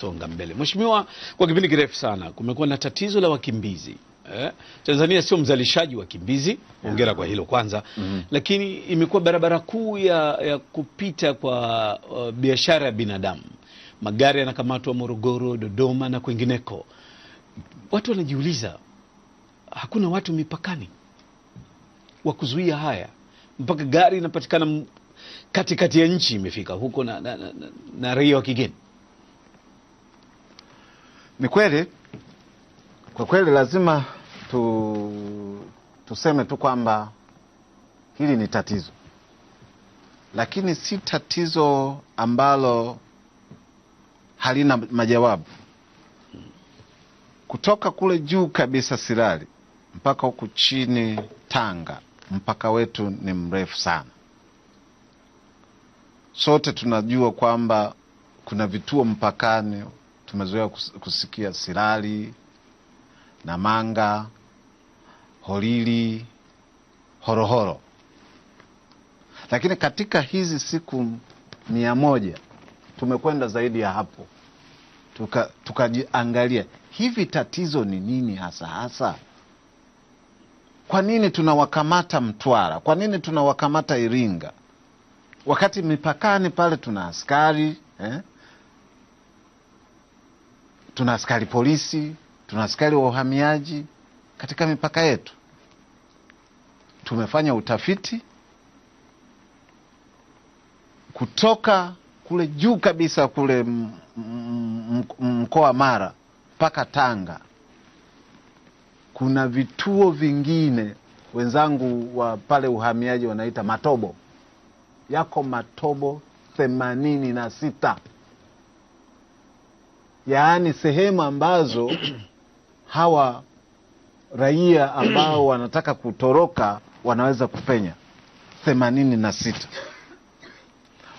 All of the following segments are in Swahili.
Songa mbele. Mheshimiwa, kwa kipindi kirefu sana kumekuwa na tatizo la wakimbizi eh. Tanzania sio mzalishaji wa wakimbizi, hongera kwa hilo kwanza mm -hmm. Lakini imekuwa barabara kuu ya, ya kupita kwa uh, biashara ya binadamu. Magari yanakamatwa Morogoro, Dodoma na kwingineko. Watu wanajiuliza hakuna watu mipakani wa kuzuia haya, mpaka gari inapatikana katikati ya nchi imefika huko na, na, na, na raia wa kigeni ni kweli kwa kweli, lazima tu, tuseme tu kwamba hili ni tatizo, lakini si tatizo ambalo halina majawabu. Kutoka kule juu kabisa Sirari mpaka huku chini Tanga, mpaka wetu ni mrefu sana. Sote tunajua kwamba kuna vituo mpakani tumezoea kusikia Sirari, Namanga, Holili, Horohoro, lakini katika hizi siku mia moja tumekwenda zaidi ya hapo, tukajiangalia tuka hivi tatizo ni nini hasa hasa. Kwa nini tunawakamata Mtwara? Kwa nini tunawakamata Iringa wakati mipakani pale tuna askari eh? tuna askari polisi, tuna askari wa uhamiaji katika mipaka yetu. Tumefanya utafiti kutoka kule juu kabisa kule mkoa Mara mpaka Tanga. Kuna vituo vingine wenzangu wa pale uhamiaji wanaita matobo, yako matobo themanini na sita yaani sehemu ambazo hawa raia ambao wanataka kutoroka wanaweza kupenya themanini na sita.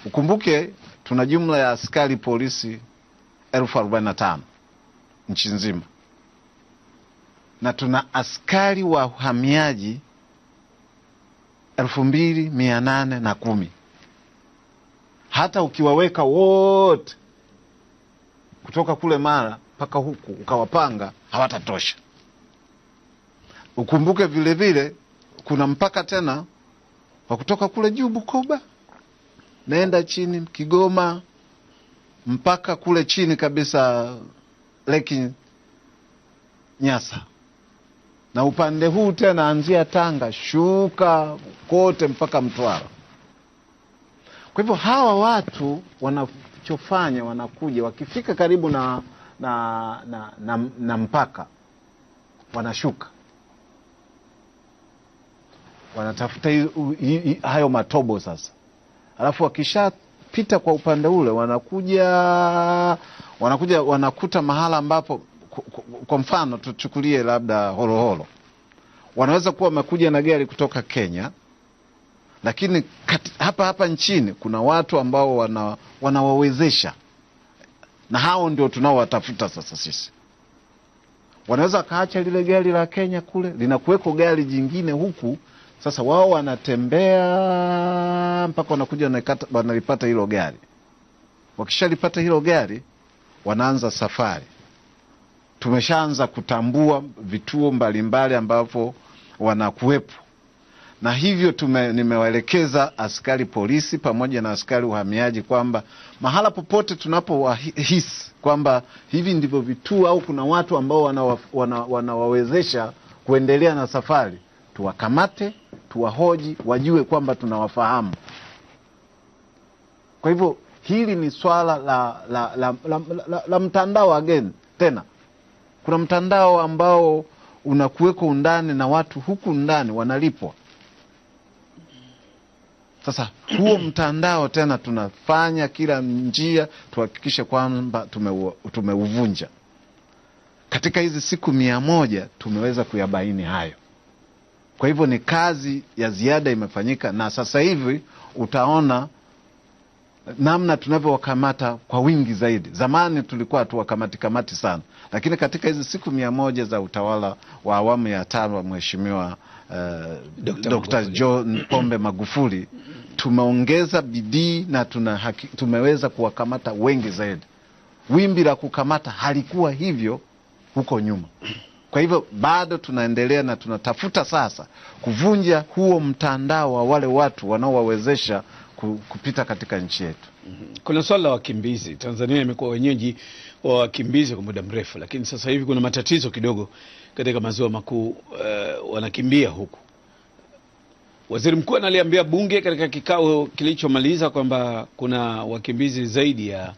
Ukumbuke tuna jumla ya askari polisi elfu arobaini na tano nchi nzima na tuna askari wa uhamiaji elfu mbili mia nane na kumi. Hata ukiwaweka wote kutoka kule Mara mpaka huku ukawapanga hawatatosha. Ukumbuke vilevile kuna mpaka tena wa kutoka kule juu Bukoba, naenda chini Kigoma, mpaka kule chini kabisa Leki Nyasa, na upande huu tena anzia Tanga shuka kote mpaka Mtwara. Kwa hivyo hawa watu wana wanachofanya wanakuja, wakifika karibu na, na, na, na, na mpaka wanashuka wanatafuta hayo matobo sasa, alafu wakishapita kwa upande ule wanakuja wanakuja wanakuta mahala ambapo kwa mfano tuchukulie labda Horohoro, wanaweza kuwa wamekuja na gari kutoka Kenya, lakini hapa hapa nchini kuna watu ambao wana wanawawezesha, na hao ndio tunaowatafuta sasa. Sisi wanaweza kaacha lile gari la Kenya kule, linakuweko gari jingine huku. Sasa wao wanatembea mpaka wanakuja wanalipata hilo gari. Wakishalipata hilo gari, wanaanza safari. Tumeshaanza kutambua vituo mbalimbali ambavyo wanakuwepo na hivyo tume, nimewaelekeza askari polisi pamoja na askari uhamiaji kwamba mahala popote tunapowahisi kwamba hivi ndivyo vituo au kuna watu ambao wanawawezesha wana, wana kuendelea na safari tuwakamate, tuwahoji, wajue kwamba tunawafahamu. Kwa hivyo hili ni swala la, la, la, la, la, la, la mtandao again. Tena kuna mtandao ambao unakuweko undani na watu huku ndani wanalipwa. Sasa huo mtandao tena tunafanya kila njia tuhakikishe kwamba tumeuvunja. Katika hizi siku mia moja tumeweza kuyabaini hayo. Kwa hivyo ni kazi ya ziada imefanyika, na sasa hivi utaona namna tunavyowakamata kwa wingi zaidi. Zamani tulikuwa tuwakamati kamati sana, lakini katika hizi siku mia moja za utawala wa awamu ya tano wa Mheshimiwa uh, eh, Dr. John Pombe Magufuli tumeongeza bidii na tuna tumeweza kuwakamata wengi zaidi. Wimbi la kukamata halikuwa hivyo huko nyuma. Kwa hivyo bado tunaendelea na tunatafuta sasa kuvunja huo mtandao wa wale watu wanaowawezesha kupita katika nchi yetu. Kuna swala la wakimbizi. Tanzania imekuwa wenyeji wa wakimbizi kwa muda mrefu, lakini sasa hivi kuna matatizo kidogo katika maziwa makuu. Uh, wanakimbia huku Waziri mkuu analiambia bunge katika kikao kilichomaliza kwamba kuna wakimbizi zaidi ya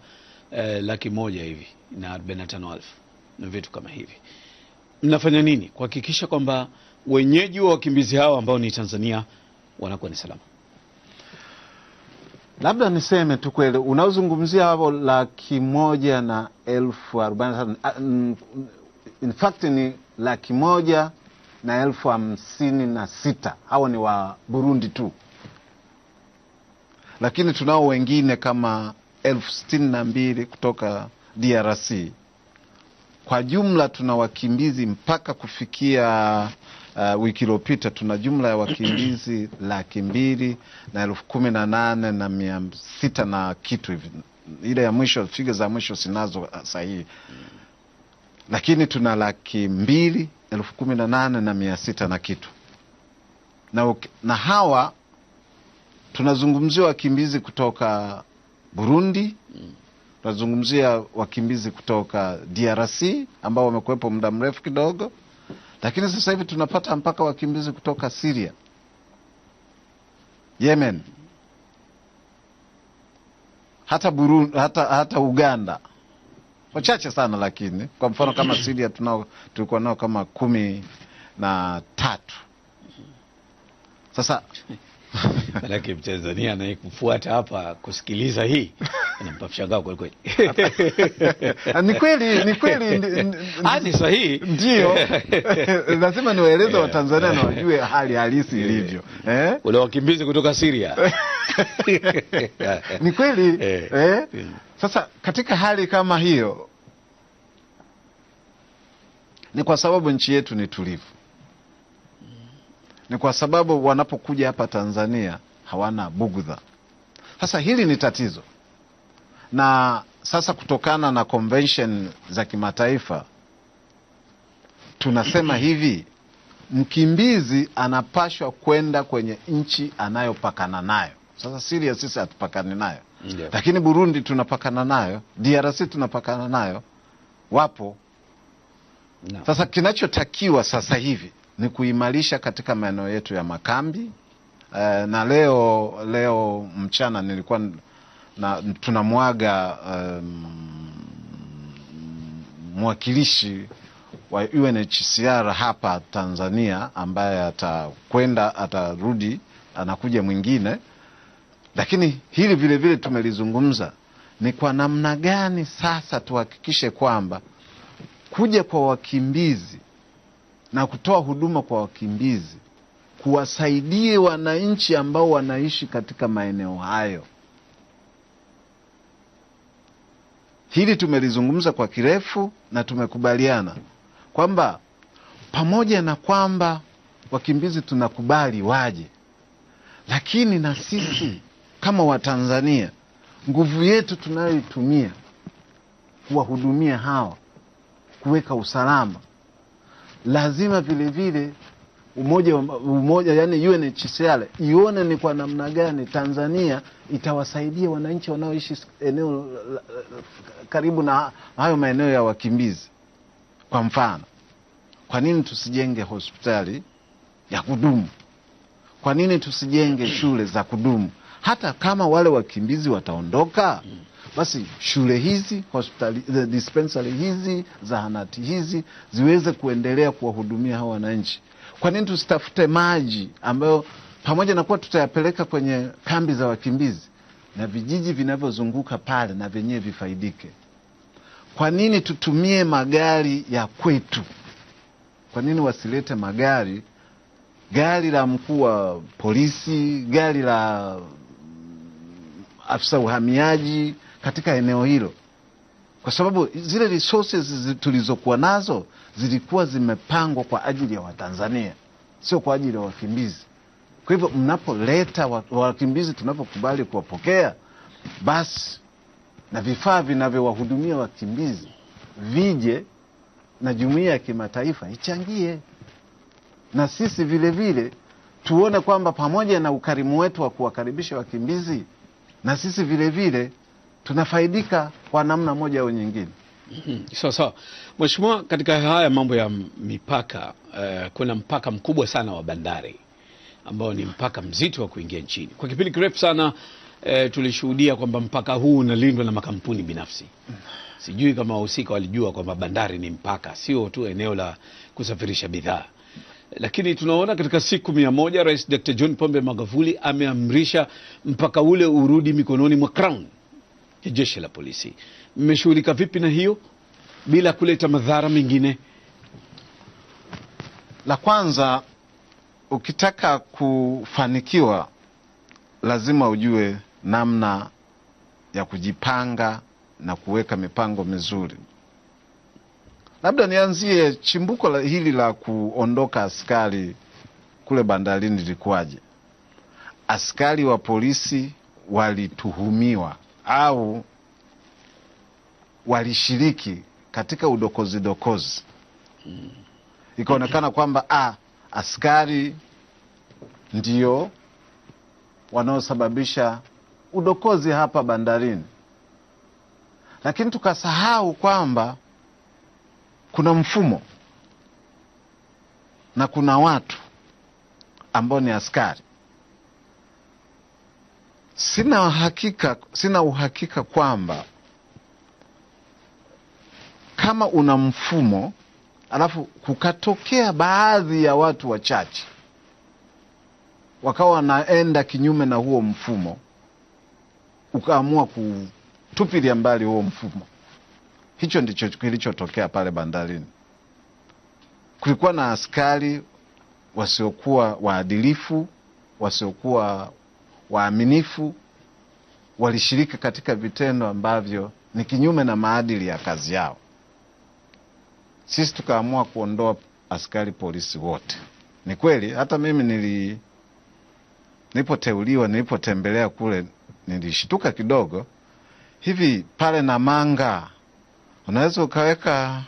eh, laki moja hivi na 45,000 na vitu kama hivi. Mnafanya nini kuhakikisha kwamba wenyeji wa wakimbizi hao ambao ni Tanzania wanakuwa ni salama? Labda niseme tu kweli, unaozungumzia hapo laki moja na elfu arobaini, ah, mm, in fact ni laki moja na elfu hamsini na sita. Hawa ni wa Burundi tu, lakini tunao wengine kama elfu sitini na mbili kutoka DRC. Kwa jumla tuna wakimbizi mpaka kufikia uh, wiki iliopita tuna jumla ya wakimbizi laki mbili na elfu kumi na nane na mia sita na kitu hivi. Ile ya mwisho, figa za mwisho sinazo uh, sahihi, lakini tuna laki mbili elfu kumi na nane na mia sita na kitu na, na hawa tunazungumzia wakimbizi kutoka Burundi, tunazungumzia wakimbizi kutoka DRC ambao wamekuwepo muda mrefu kidogo, lakini sasa hivi tunapata mpaka wakimbizi kutoka Siria, Yemen, hata Burundi, hata, hata Uganda wachache sana, lakini kwa mfano kama sidia tunao tulikuwa nao kama kumi na tatu. Sasa manake Mtanzania anayekufuata hapa kusikiliza hii Inampa kweli ah, kweli. Ni kweli, ni kweli. Hadi ah, sahihi. Ndio. Lazima niwaeleze Watanzania na wajue hali halisi ilivyo. Eh? Wale wakimbizi kutoka Syria. Ni kweli. Eh? Sasa katika hali kama hiyo ni kwa sababu nchi yetu ni tulivu. Ni kwa sababu wanapokuja hapa Tanzania hawana bugudha. Sasa hili ni tatizo na sasa kutokana na convention za kimataifa tunasema hivi, mkimbizi anapashwa kwenda kwenye nchi anayopakana nayo. Sasa Syria sisi hatupakani nayo yeah. Lakini Burundi tunapakana nayo, DRC tunapakana nayo, wapo no. Sasa kinachotakiwa sasa hivi ni kuimarisha katika maeneo yetu ya makambi eh, na leo leo mchana nilikuwa na tunamwaga um, mwakilishi wa UNHCR hapa Tanzania ambaye atakwenda atarudi, anakuja mwingine. Lakini hili vile vile tumelizungumza, ni kwa namna gani sasa tuhakikishe kwamba kuja kwa wakimbizi na kutoa huduma kwa wakimbizi kuwasaidie wananchi ambao wanaishi katika maeneo hayo Hili tumelizungumza kwa kirefu na tumekubaliana kwamba pamoja na kwamba wakimbizi tunakubali waje, lakini na sisi kama Watanzania nguvu yetu tunayoitumia kuwahudumia hawa, kuweka usalama, lazima vilevile umoja, umoja yani UNHCR ione ni kwa namna gani Tanzania itawasaidia wananchi wanaoishi eneo karibu na hayo maeneo ya wakimbizi. Kwa mfano, kwa nini tusijenge hospitali ya kudumu? Kwa nini tusijenge shule za kudumu? Hata kama wale wakimbizi wataondoka, basi shule hizi, hospitali, dispensary hizi, zahanati hizi ziweze kuendelea kuwahudumia hawa wananchi. Kwa nini tusitafute maji ambayo pamoja na kuwa tutayapeleka kwenye kambi za wakimbizi na vijiji vinavyozunguka pale na vyenyewe vifaidike? Kwa nini tutumie magari ya kwetu? Kwa nini wasilete magari, gari la mkuu wa polisi, gari la afisa uhamiaji katika eneo hilo? kwa sababu zile resources tulizokuwa nazo zilikuwa zimepangwa kwa ajili ya Watanzania, sio kwa ajili ya wakimbizi. Kwa hivyo mnapoleta wakimbizi, tunapokubali kuwapokea, basi na vifaa vinavyowahudumia wakimbizi vije na jumuiya ya kimataifa ichangie, na sisi vilevile vile, tuone kwamba pamoja na ukarimu wetu wa kuwakaribisha wakimbizi na sisi vilevile vile, tunafaidika kwa namna moja au nyingine. Sawa mm-hmm. sawa, Mheshimiwa, katika haya mambo ya mipaka eh, kuna mpaka mkubwa sana wa bandari ambao ni mpaka mzito wa kuingia nchini. Kwa kipindi kirefu sana eh, tulishuhudia kwamba mpaka huu unalindwa na makampuni binafsi. Mm-hmm. Sijui kama wahusika walijua kwamba bandari ni mpaka, sio tu eneo la kusafirisha bidhaa lakini tunaona katika siku mia moja Rais Dr John Pombe Magufuli ameamrisha mpaka ule urudi mikononi mwa Crown jeshi la polisi. Mmeshughulika vipi na hiyo bila kuleta madhara mengine? La kwanza, ukitaka kufanikiwa lazima ujue namna ya kujipanga na kuweka mipango mizuri. Labda nianzie chimbuko la hili la kuondoka askari kule bandarini lilikuwaje? Askari wa polisi walituhumiwa au walishiriki katika udokozi dokozi, ikaonekana kwamba a, askari ndio wanaosababisha udokozi hapa bandarini, lakini tukasahau kwamba kuna mfumo na kuna watu ambao ni askari Sina uhakika, sina uhakika kwamba kama una mfumo alafu kukatokea baadhi ya watu wachache wakawa wanaenda kinyume na huo mfumo, ukaamua kutupilia mbali huo mfumo. Hicho ndicho kilichotokea pale bandarini. Kulikuwa na askari wasiokuwa waadilifu, wasiokuwa waaminifu, walishiriki katika vitendo ambavyo ni kinyume na maadili ya kazi yao. Sisi tukaamua kuondoa askari polisi wote. Ni kweli hata mimi nili nilipoteuliwa nilipotembelea kule nilishtuka kidogo. Hivi pale Namanga unaweza ukaweka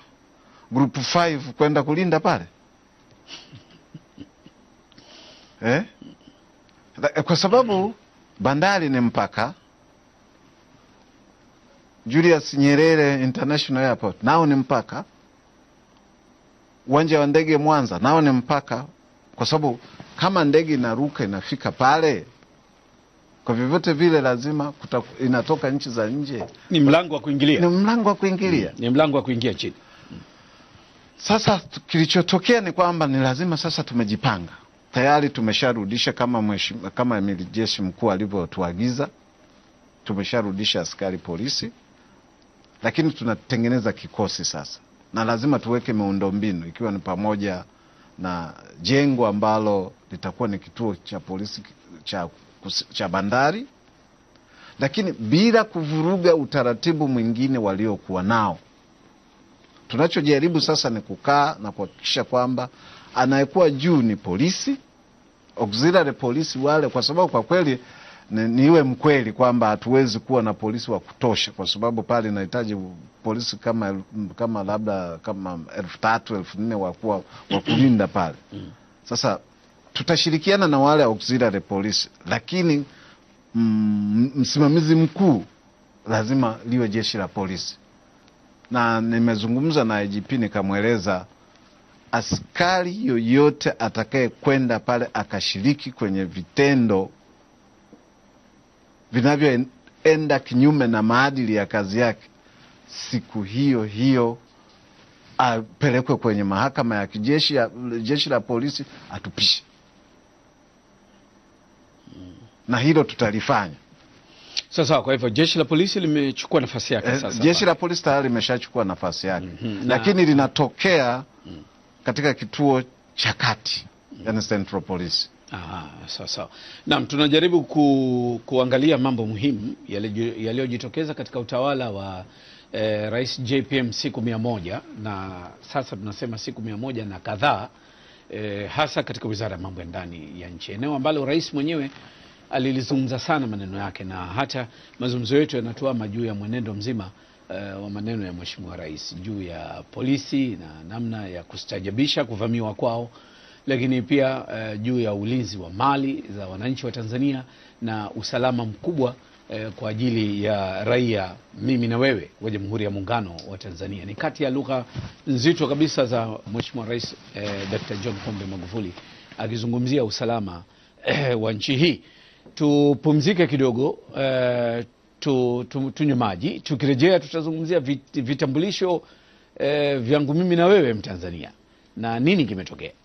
grupu 5 kwenda kulinda pale eh? kwa sababu bandari ni mpaka. Julius Nyerere International Airport nao ni mpaka. Uwanja wa ndege Mwanza nao ni mpaka, kwa sababu kama ndege inaruka inafika pale kwa vyovyote vile lazima kuta, inatoka nchi za nje, ni mlango wa kuingilia, ni mlango wa kuingilia, mm, ni mlango wa kuingia nchini. Sasa kilichotokea ni kwamba ni lazima sasa tumejipanga tayari tumesharudisha kama mheshimiwa, kama amiri jeshi mkuu alivyotuagiza, tumesharudisha askari polisi, lakini tunatengeneza kikosi sasa, na lazima tuweke miundombinu ikiwa ni pamoja na jengo ambalo litakuwa ni kituo cha polisi cha, cha bandari, lakini bila kuvuruga utaratibu mwingine waliokuwa nao. Tunachojaribu sasa ni kukaa na kuhakikisha kwamba anayekuwa juu ni polisi auxiliary polisi wale, kwa sababu kwa kweli niwe mkweli kwamba hatuwezi kuwa na polisi wa kutosha, kwa sababu pale inahitaji polisi kama kama labda kama elfu tatu elfu nne wakuwa wa kulinda pale. Sasa tutashirikiana na wale auxiliary polisi, lakini mm, msimamizi mkuu lazima liwe jeshi la polisi, na nimezungumza na IGP nikamweleza askari yoyote atakayekwenda pale akashiriki kwenye vitendo vinavyoenda kinyume na maadili ya kazi yake, siku hiyo hiyo apelekwe kwenye mahakama ya kijeshi ya jeshi la polisi atupishe, na hilo tutalifanya. Sasa kwa hivyo jeshi la polisi limechukua nafasi yake eh, sasa. jeshi la polisi tayari limeshachukua nafasi yake mm -hmm. Lakini linatokea mm -hmm katika kituo cha kati, mm. yani Central Police. Aha, sawa sawa. Naam, tunajaribu ku, kuangalia mambo muhimu yaliyojitokeza katika utawala wa eh, Rais JPM siku mia moja na sasa tunasema siku mia moja na kadhaa eh, hasa katika Wizara ya Mambo ya Ndani ya nchi, eneo ambalo rais mwenyewe alilizungumza sana maneno yake, na hata mazungumzo yetu yanatuama juu ya mwenendo mzima uh, wa maneno ya Mheshimiwa Rais juu ya polisi na namna ya kustajabisha kuvamiwa kwao, lakini pia uh, juu ya ulinzi wa mali za wananchi wa Tanzania na usalama mkubwa uh, kwa ajili ya raia mimi na wewe wa Jamhuri ya Muungano wa Tanzania. Ni kati ya lugha nzito kabisa za Mheshimiwa Rais uh, Dr. John Pombe Magufuli akizungumzia usalama uh, wa nchi hii. Tupumzike kidogo uh, tu, tu, tunywe maji. Tukirejea tutazungumzia vitambulisho eh, vyangu mimi na wewe Mtanzania na nini kimetokea.